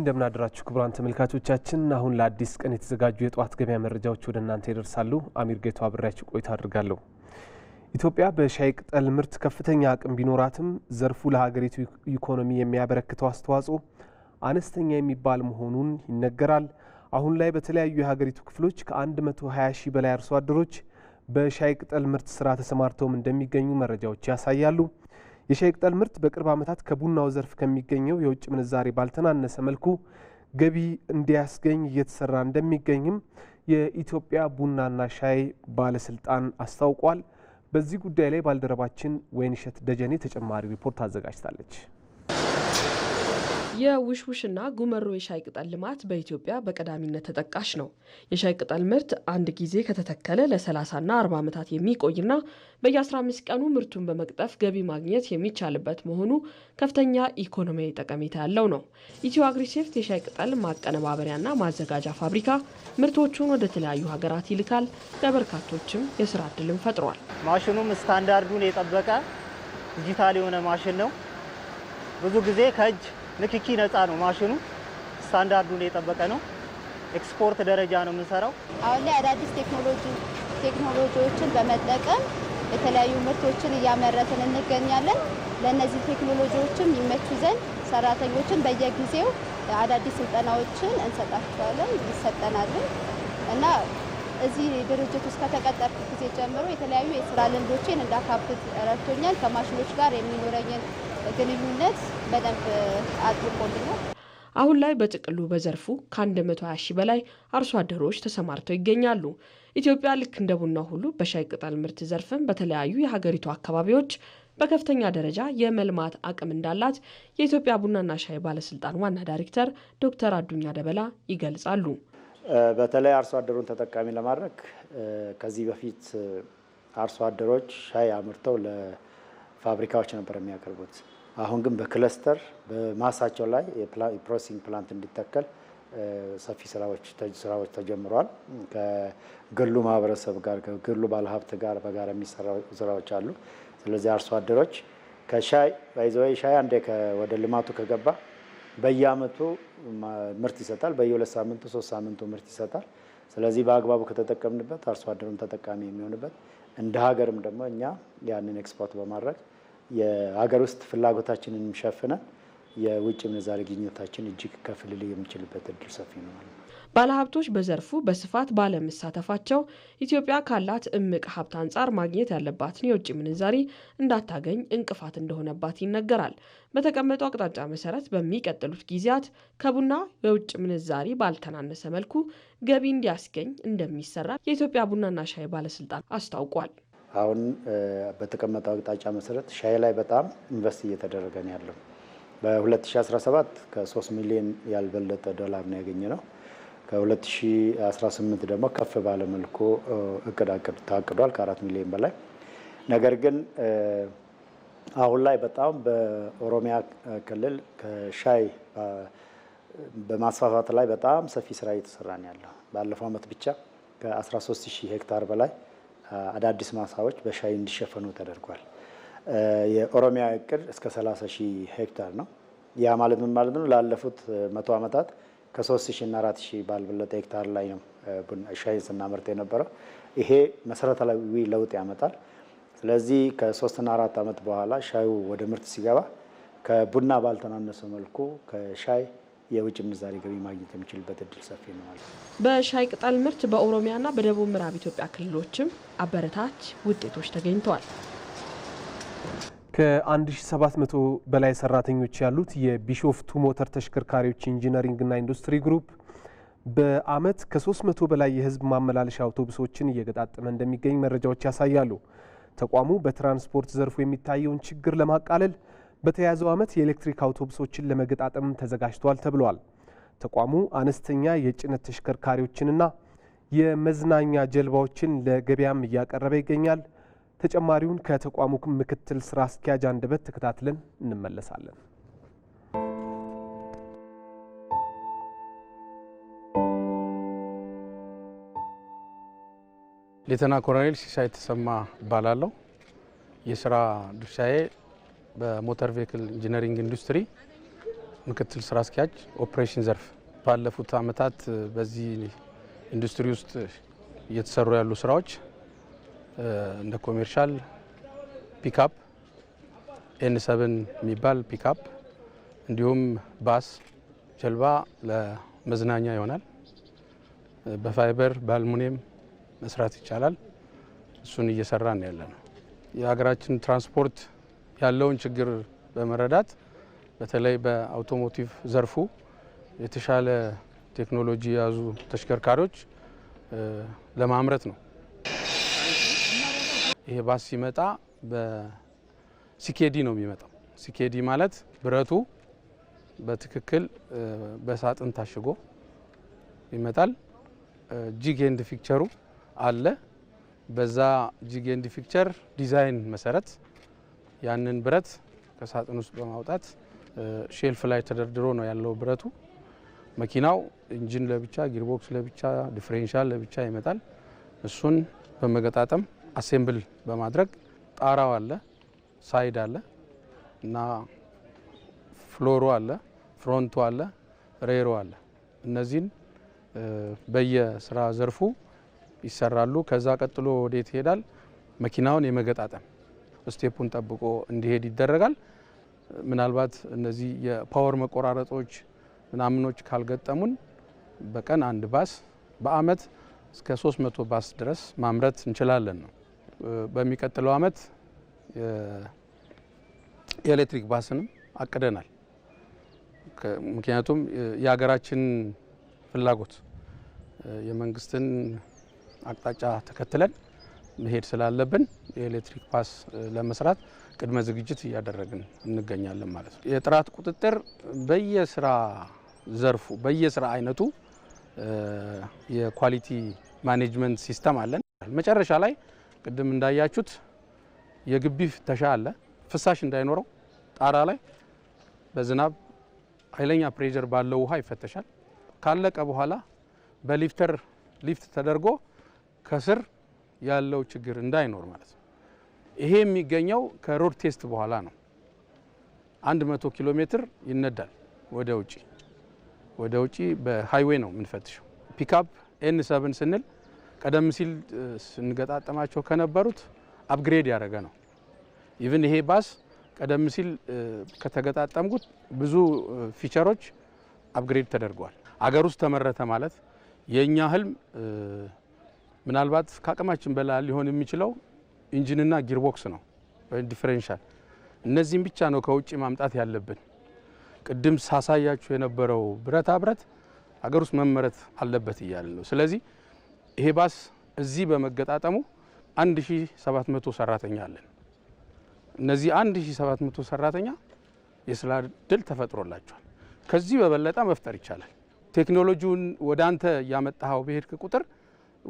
እንደምናደራችሁ ክቡራን ተመልካቾቻችን፣ አሁን ለአዲስ ቀን የተዘጋጁ የጠዋት ገበያ መረጃዎች ወደ እናንተ ይደርሳሉ። አሚር ጌቱ አብሬያችሁ ቆይታ አድርጋለሁ። ኢትዮጵያ በሻይ ቅጠል ምርት ከፍተኛ አቅም ቢኖራትም ዘርፉ ለሀገሪቱ ኢኮኖሚ የሚያበረክተው አስተዋጽኦ አነስተኛ የሚባል መሆኑን ይነገራል። አሁን ላይ በተለያዩ የሀገሪቱ ክፍሎች ከ120 ሺህ በላይ አርሶ አደሮች በሻይ ቅጠል ምርት ስራ ተሰማርተውም እንደሚገኙ መረጃዎች ያሳያሉ። የሻይ ቅጠል ምርት በቅርብ ዓመታት ከቡናው ዘርፍ ከሚገኘው የውጭ ምንዛሬ ባልተናነሰ መልኩ ገቢ እንዲያስገኝ እየተሰራ እንደሚገኝም የኢትዮጵያ ቡናና ሻይ ባለስልጣን አስታውቋል። በዚህ ጉዳይ ላይ ባልደረባችን ወይንሸት ደጀኔ ተጨማሪ ሪፖርት አዘጋጅታለች። የውሽውሽና ጉመሮ የሻይ ቅጠል ልማት በኢትዮጵያ በቀዳሚነት ተጠቃሽ ነው። የሻይ ቅጠል ምርት አንድ ጊዜ ከተተከለ ለ30ና 40 ዓመታት የሚቆይና በየ15 ቀኑ ምርቱን በመቅጠፍ ገቢ ማግኘት የሚቻልበት መሆኑ ከፍተኛ ኢኮኖሚያዊ ጠቀሜታ ያለው ነው። ኢትዮ አግሪሴፍት የሻይ ቅጠል ማቀነባበሪያና ማዘጋጃ ፋብሪካ ምርቶቹን ወደ ተለያዩ ሀገራት ይልካል። ለበርካቶችም የስራ እድልን ፈጥሯል። ማሽኑም ስታንዳርዱን የጠበቀ ዲጂታል የሆነ ማሽን ነው። ብዙ ጊዜ ከእጅ ንክኪ ነፃ ነው። ማሽኑ ስታንዳርዱን የጠበቀ ነው። ኤክስፖርት ደረጃ ነው የምንሰራው። አሁን ላይ አዳዲስ ቴክኖሎጂ ቴክኖሎጂዎችን በመጠቀም የተለያዩ ምርቶችን እያመረትን እንገኛለን። ለእነዚህ ቴክኖሎጂዎችም ይመቹ ዘንድ ሰራተኞችን በየጊዜው አዳዲስ ስልጠናዎችን እንሰጣቸዋለን ይሰጠናልን እና እዚህ ድርጅት ውስጥ ከተቀጠርኩ ጊዜ ጀምሮ የተለያዩ የስራ ልምዶችን እንዳካብት ረድቶኛል። ከማሽኖች ጋር የሚኖረኝን ግንኙነት በደንብ አጥብቆልኛል። አሁን ላይ በጥቅሉ በዘርፉ ከ ሀያ ሺህ በላይ አርሶ አደሮች ተሰማርተው ይገኛሉ። ኢትዮጵያ ልክ እንደ ቡና ሁሉ በሻይ ቅጠል ምርት ዘርፍም በተለያዩ የሀገሪቱ አካባቢዎች በከፍተኛ ደረጃ የመልማት አቅም እንዳላት የኢትዮጵያ ቡናና ሻይ ባለስልጣን ዋና ዳይሬክተር ዶክተር አዱኛ ደበላ ይገልጻሉ። በተለይ አርሶ አደሩን ተጠቃሚ ለማድረግ ከዚህ በፊት አርሶ አደሮች ሻይ አምርተው ለፋብሪካዎች ነበር የሚያቀርቡት አሁን ግን በክለስተር በማሳቸው ላይ የፕሮሰሲንግ ፕላንት እንዲተከል ሰፊ ስራዎች ተጀምረዋል። ከግሉ ማህበረሰብ ጋር ከግሉ ባለሀብት ጋር በጋራ የሚሰራ ስራዎች አሉ። ስለዚህ አርሶ አደሮች ከሻይ ባይዘወይ ሻይ አንዴ ወደ ልማቱ ከገባ በየአመቱ ምርት ይሰጣል። በየሁለት ሳምንቱ ሶስት ሳምንቱ ምርት ይሰጣል። ስለዚህ በአግባቡ ከተጠቀምንበት አርሶ አደሩም ተጠቃሚ የሚሆንበት እንደ ሀገርም ደግሞ እኛ ያንን ኤክስፖርት በማድረግ የሀገር ውስጥ ፍላጎታችንን ሸፍነን የውጭ ምንዛሪ ግኝታችን እጅግ ከፍ ሊል የሚችልበት እድል ሰፊ ነው ማለት ነው። ባለሀብቶች በዘርፉ በስፋት ባለመሳተፋቸው ኢትዮጵያ ካላት እምቅ ሀብት አንጻር ማግኘት ያለባትን የውጭ ምንዛሪ እንዳታገኝ እንቅፋት እንደሆነባት ይነገራል። በተቀመጡ አቅጣጫ መሰረት በሚቀጥሉት ጊዜያት ከቡና የውጭ ምንዛሪ ባልተናነሰ መልኩ ገቢ እንዲያስገኝ እንደሚሰራ የኢትዮጵያ ቡናና ሻይ ባለስልጣን አስታውቋል። አሁን በተቀመጠው አቅጣጫ መሰረት ሻይ ላይ በጣም ኢንቨስት እየተደረገ ነው ያለው። በ2017 ከ3 ሚሊዮን ያልበለጠ ዶላር ነው ያገኘ ነው። ከ2018 ደግሞ ከፍ ባለ መልኩ እቅድ ታቅዷል ከ4 ሚሊዮን በላይ ነገር ግን አሁን ላይ በጣም በኦሮሚያ ክልል ከሻይ በማስፋፋት ላይ በጣም ሰፊ ስራ እየተሰራ ነው ያለው። ባለፈው ዓመት ብቻ ከ 130 ሄክታር በላይ አዳዲስ ማሳዎች በሻይ እንዲሸፈኑ ተደርጓል። የኦሮሚያ እቅድ እስከ 30 ሺህ ሄክታር ነው። ያ ማለት ምን ማለት ነው? ላለፉት መቶ ዓመታት ከ3 ሺህ እና 4 ሺህ ባልበለጠ ሄክታር ላይ ነው ሻይን ስናመርት የነበረው። ይሄ መሰረታዊ ለውጥ ያመጣል። ስለዚህ ከሶስትና አራት ዓመት በኋላ ሻዩ ወደ ምርት ሲገባ ከቡና ባልተናነሰ መልኩ ከሻይ የውጭ ምንዛሬ ገቢ ማግኘት የሚችልበት እድል ሰፊ ነው ማለት ነው። በሻይ ቅጠል ምርት በኦሮሚያና በደቡብ ምዕራብ ኢትዮጵያ ክልሎችም አበረታች ውጤቶች ተገኝተዋል። ከ1700 በላይ ሰራተኞች ያሉት የቢሾፍቱ ሞተር ተሽከርካሪዎች ኢንጂነሪንግና ኢንዱስትሪ ግሩፕ በአመት ከ300 በላይ የህዝብ ማመላለሻ አውቶቡሶችን እየገጣጠመ እንደሚገኝ መረጃዎች ያሳያሉ። ተቋሙ በትራንስፖርት ዘርፉ የሚታየውን ችግር ለማቃለል በተያያዘው ዓመት የኤሌክትሪክ አውቶቡሶችን ለመገጣጠም ተዘጋጅቷል ተብሏል። ተቋሙ አነስተኛ የጭነት ተሽከርካሪዎችንና የመዝናኛ ጀልባዎችን ለገበያም እያቀረበ ይገኛል። ተጨማሪውን ከተቋሙ ምክትል ስራ አስኪያጅ አንደበት ተከታትለን እንመለሳለን። ሌተና ኮሎኔል ሲሳይ ተሰማ እባላለሁ። የስራ ድርሻዬ በሞተር ቬክል ኢንጂነሪንግ ኢንዱስትሪ ምክትል ስራ አስኪያጅ ኦፕሬሽን ዘርፍ። ባለፉት አመታት በዚህ ኢንዱስትሪ ውስጥ እየተሰሩ ያሉ ስራዎች እንደ ኮሜርሻል ፒካፕ ኤን ሰብን የሚባል ፒክፕ እንዲሁም ባስ፣ ጀልባ ለመዝናኛ ይሆናል። በፋይበር በአልሙኒየም መስራት ይቻላል። እሱን እየሰራን ያለ ነው። የሀገራችን ትራንስፖርት ያለውን ችግር በመረዳት በተለይ በአውቶሞቲቭ ዘርፉ የተሻለ ቴክኖሎጂ የያዙ ተሽከርካሪዎች ለማምረት ነው። ይሄ ባስ ሲመጣ በሲኬዲ ነው የሚመጣው። ሲኬዲ ማለት ብረቱ በትክክል በሳጥን ታሽጎ ይመጣል። ጂግ ኤንድ ፊክቸሩ አለ። በዛ ጂግ ኤንድ ፊክቸር ዲዛይን መሰረት ያንን ብረት ከሳጥን ውስጥ በማውጣት ሼልፍ ላይ ተደርድሮ ነው ያለው ብረቱ። መኪናው ኢንጂን ለብቻ፣ ጊርቦክስ ለብቻ፣ ዲፍሬንሻል ለብቻ ይመጣል። እሱን በመገጣጠም አሴምብል በማድረግ ጣራው አለ፣ ሳይድ አለ እና ፍሎሩ አለ፣ ፍሮንቱ አለ፣ ሬሮ አለ። እነዚህን በየስራ ዘርፉ ይሰራሉ። ከዛ ቀጥሎ ወዴት ይሄዳል? መኪናውን የመገጣጠም ስቴፑን ጠብቆ እንዲሄድ ይደረጋል። ምናልባት እነዚህ የፓወር መቆራረጦች ምናምኖች ካልገጠሙን በቀን አንድ ባስ በአመት እስከ 300 ባስ ድረስ ማምረት እንችላለን ነው። በሚቀጥለው አመት የኤሌክትሪክ ባስንም አቅደናል። ምክንያቱም የሀገራችን ፍላጎት የመንግስትን አቅጣጫ ተከትለን መሄድ ስላለብን የኤሌክትሪክ ፓስ ለመስራት ቅድመ ዝግጅት እያደረግን እንገኛለን ማለት ነው። የጥራት ቁጥጥር በየስራ ዘርፉ በየስራ አይነቱ የኳሊቲ ማኔጅመንት ሲስተም አለን። መጨረሻ ላይ ቅድም እንዳያችሁት የግቢ ፍተሻ አለ። ፍሳሽ እንዳይኖረው ጣራ ላይ በዝናብ ኃይለኛ ፕሬዠር ባለው ውሃ ይፈተሻል። ካለቀ በኋላ በሊፍተር ሊፍት ተደርጎ ከስር ያለው ችግር እንዳይኖር ማለት ነው። ይሄ የሚገኘው ከሮድ ቴስት በኋላ ነው። 100 ኪሎ ሜትር ይነዳል ወደ ውጪ ወደ ውጪ በሃይዌይ ነው የምንፈትሸው። ፒክአፕ ኤን ሰብን ስንል ቀደም ሲል ስንገጣጠማቸው ከነበሩት አፕግሬድ ያደረገ ነው። ኢቭን ይሄ ባስ ቀደም ሲል ከተገጣጠምኩት ብዙ ፊቸሮች አፕግሬድ ተደርገዋል። አገር ውስጥ ተመረተ ማለት የእኛ ህልም ምናልባት ከአቅማችን በላይ ሊሆን የሚችለው ኢንጂንና ጊርቦክስ ነው ወይም ዲፈረንሻል። እነዚህም ብቻ ነው ከውጭ ማምጣት ያለብን። ቅድም ሳሳያችሁ የነበረው ብረታ ብረት ሀገር ውስጥ መመረት አለበት እያለ ነው። ስለዚህ ይሄ ባስ እዚህ በመገጣጠሙ 1700 ሰራተኛ አለን። እነዚህ 1700 ሰራተኛ የስራ እድል ተፈጥሮላቸዋል። ከዚህ በበለጠ መፍጠር ይቻላል። ቴክኖሎጂውን ወደ አንተ እያመጣኸው በሄድክ ቁጥር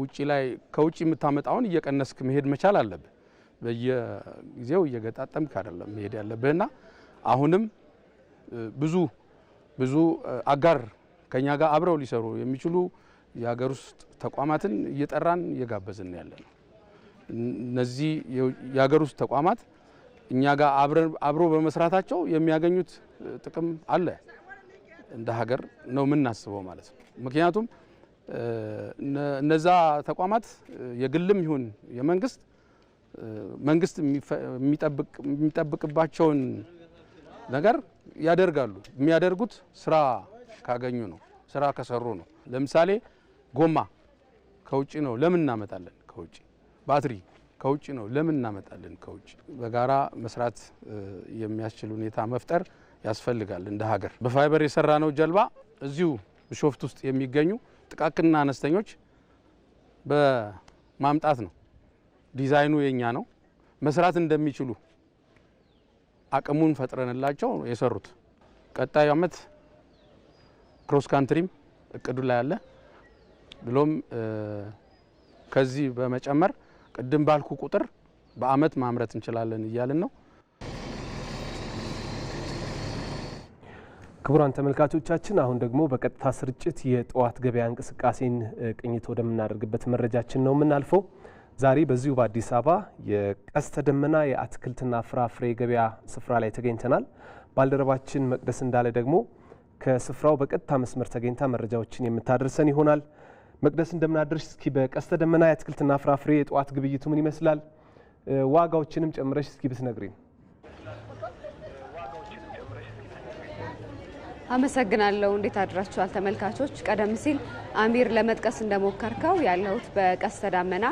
ውጭ ላይ ከውጭ የምታመጣውን እየቀነስክ መሄድ መቻል አለብህ። በየጊዜው እየገጣጠምክ አይደለም መሄድ ያለብህና አሁንም ብዙ ብዙ አጋር ከኛ ጋር አብረው ሊሰሩ የሚችሉ የሀገር ውስጥ ተቋማትን እየጠራን እየጋበዝን ያለ ነው። እነዚህ የሀገር ውስጥ ተቋማት እኛ ጋር አብሮ በመስራታቸው የሚያገኙት ጥቅም አለ እንደ ሀገር ነው የምናስበው ማለት ነው። ምክንያቱም እነዛ ተቋማት የግልም ይሁን የመንግስት መንግስት የሚጠብቅባቸውን ነገር ያደርጋሉ። የሚያደርጉት ስራ ካገኙ ነው፣ ስራ ከሰሩ ነው። ለምሳሌ ጎማ ከውጭ ነው፣ ለምን እናመጣለን ከውጭ? ባትሪ ከውጭ ነው፣ ለምን እናመጣለን ከውጭ? በጋራ መስራት የሚያስችል ሁኔታ መፍጠር ያስፈልጋል። እንደ ሀገር በፋይበር የሰራ ነው ጀልባ እዚሁ ቢሾፍት ውስጥ የሚገኙ ጥቃቅንና አነስተኞች በማምጣት ነው። ዲዛይኑ የኛ ነው። መስራት እንደሚችሉ አቅሙን ፈጥረንላቸው የሰሩት። ቀጣዩ አመት ክሮስ ካንትሪም እቅዱ ላይ አለ። ብሎም ከዚህ በመጨመር ቅድም ባልኩ ቁጥር በአመት ማምረት እንችላለን እያልን ነው። ክቡራን ተመልካቾቻችን አሁን ደግሞ በቀጥታ ስርጭት የጠዋት ገበያ እንቅስቃሴን ቅኝት ወደምናደርግበት መረጃችን ነው የምናልፈው። ዛሬ በዚሁ በአዲስ አበባ የቀስተ ደመና የአትክልትና ፍራፍሬ ገበያ ስፍራ ላይ ተገኝተናል። ባልደረባችን መቅደስ እንዳለ ደግሞ ከስፍራው በቀጥታ መስመር ተገኝታ መረጃዎችን የምታደርሰን ይሆናል። መቅደስ እንደምናደርሽ፣ እስኪ በቀስተ ደመና የአትክልትና ፍራፍሬ የጠዋት ግብይቱ ምን ይመስላል? ዋጋዎችንም ጨምረሽ እስኪ ብትነግሪን። አመሰግናለሁ። እንዴት አድራችኋል ተመልካቾች? ቀደም ሲል አሚር ለመጥቀስ እንደሞከርከው ያለሁት በቀስተ ደመና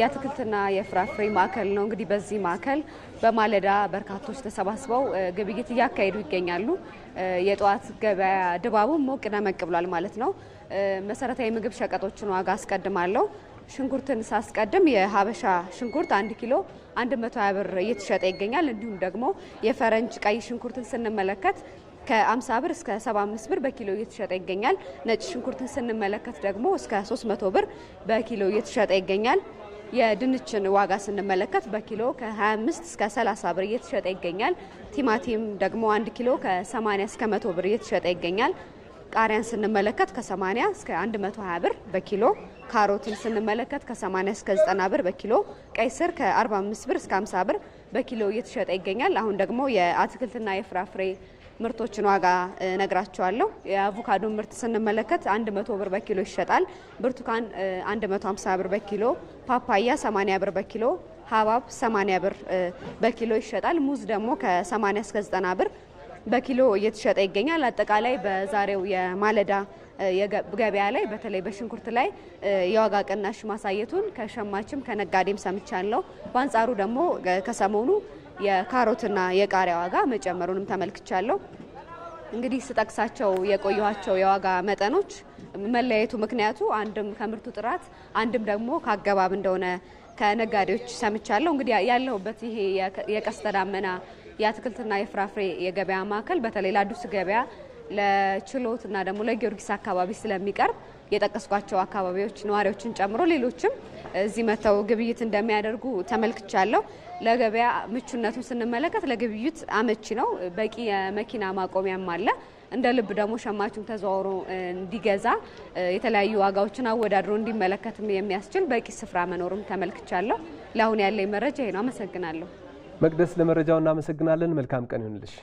የአትክልትና የፍራፍሬ ማዕከል ነው። እንግዲህ በዚህ ማዕከል በማለዳ በርካቶች ተሰባስበው ግብይት እያካሄዱ ይገኛሉ። የጠዋት ገበያ ድባቡም ሞቅ ደመቅ ብሏል ማለት ነው። መሰረታዊ ምግብ ሸቀጦችን ዋጋ አስቀድማለሁ። ሽንኩርትን ሳስቀድም የሀበሻ ሽንኩርት አንድ ኪሎ 120 ብር እየተሸጠ ይገኛል። እንዲሁም ደግሞ የፈረንጅ ቀይ ሽንኩርትን ስንመለከት ከ50 ብር እስከ 75 ብር በኪሎ እየተሸጠ ይገኛል። ነጭ ሽንኩርትን ስንመለከት ደግሞ እስከ 300 ብር በኪሎ እየተሸጠ ይገኛል። የድንችን ዋጋ ስንመለከት በኪሎ ከ25 እስከ 30 ብር እየተሸጠ ይገኛል። ቲማቲም ደግሞ 1 ኪሎ ከ80 እስከ 100 ብር እየተሸጠ ይገኛል። ቃሪያን ስንመለከት ከ80 እስከ 120 ብር በኪሎ፣ ካሮትን ስንመለከት ከ80 እስከ 90 ብር በኪሎ፣ ቀይ ስር ከ45 ብር እስከ 50 ብር በኪሎ እየተሸጠ ይገኛል። አሁን ደግሞ የአትክልትና የፍራፍሬ ምርቶችን ዋጋ ነግራቸዋለሁ። የአቮካዶ ምርት ስንመለከት 100 ብር በኪሎ ይሸጣል። ብርቱካን 150 ብር በኪሎ፣ ፓፓያ 80 ብር በኪሎ፣ ሀባብ 80 ብር በኪሎ ይሸጣል። ሙዝ ደግሞ ከ80 እስከ 90 ብር በኪሎ እየተሸጠ ይገኛል። አጠቃላይ በዛሬው የማለዳ ገበያ ላይ በተለይ በሽንኩርት ላይ የዋጋ ቅናሽ ማሳየቱን ከሸማችም ከነጋዴም ሰምቻለሁ። በአንጻሩ ደግሞ ከሰሞኑ የካሮትና የቃሪያ ዋጋ መጨመሩንም ተመልክቻለሁ። እንግዲህ ስጠቅሳቸው የቆየኋቸው የዋጋ መጠኖች መለያየቱ ምክንያቱ አንድም ከምርቱ ጥራት አንድም ደግሞ ከአገባብ እንደሆነ ከነጋዴዎች ሰምቻለሁ። እንግዲህ ያለሁበት ይሄ የቀስተ ዳመና የአትክልትና የፍራፍሬ የገበያ ማዕከል በተለይ ለአዲስ ገበያ ለችሎትና ደግሞ ለጊዮርጊስ አካባቢ ስለሚቀርብ የጠቀስኳቸው አካባቢዎች ነዋሪዎችን ጨምሮ ሌሎችም እዚህ መጥተው ግብይት እንደሚያደርጉ ተመልክቻለሁ። ለገበያ ምቹነቱን ስንመለከት ለግብይት አመቺ ነው። በቂ የመኪና ማቆሚያም አለ። እንደ ልብ ደግሞ ሸማቹ ተዘዋውሮ እንዲገዛ የተለያዩ ዋጋዎችን አወዳድሮ እንዲመለከትም የሚያስችል በቂ ስፍራ መኖሩም ተመልክቻለሁ። ለአሁን ያለኝ መረጃ ይሄ ነው። አመሰግናለሁ መቅደስ። ለመረጃው እናመሰግናለን። መልካም ቀን ይሁንልሽ።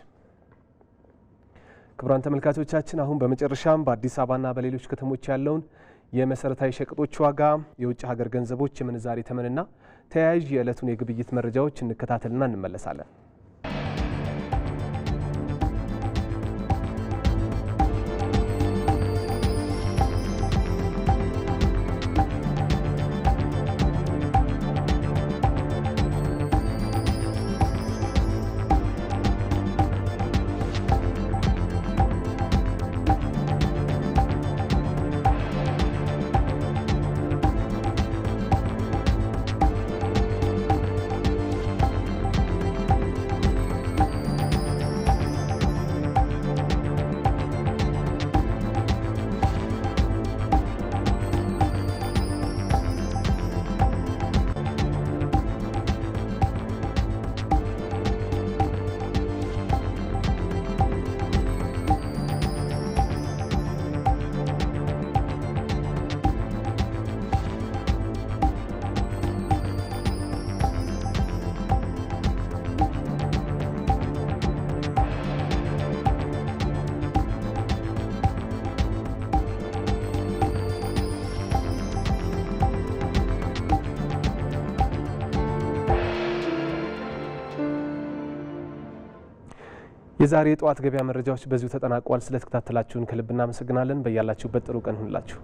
ክቡራን ተመልካቾቻችን አሁን በመጨረሻም በአዲስ አበባና በሌሎች ከተሞች ያለውን የመሰረታዊ ሸቀጦች ዋጋ፣ የውጭ ሀገር ገንዘቦች የምንዛሬ ተመንና ተያያዥ የዕለቱን የግብይት መረጃዎች እንከታተልና እንመለሳለን። የዛሬ የጠዋት ገበያ መረጃዎች በዚሁ ተጠናቋል። ስለተከታተላችሁን ከልብ እናመሰግናለን። በያላችሁበት ጥሩ ቀን ሁንላችሁ።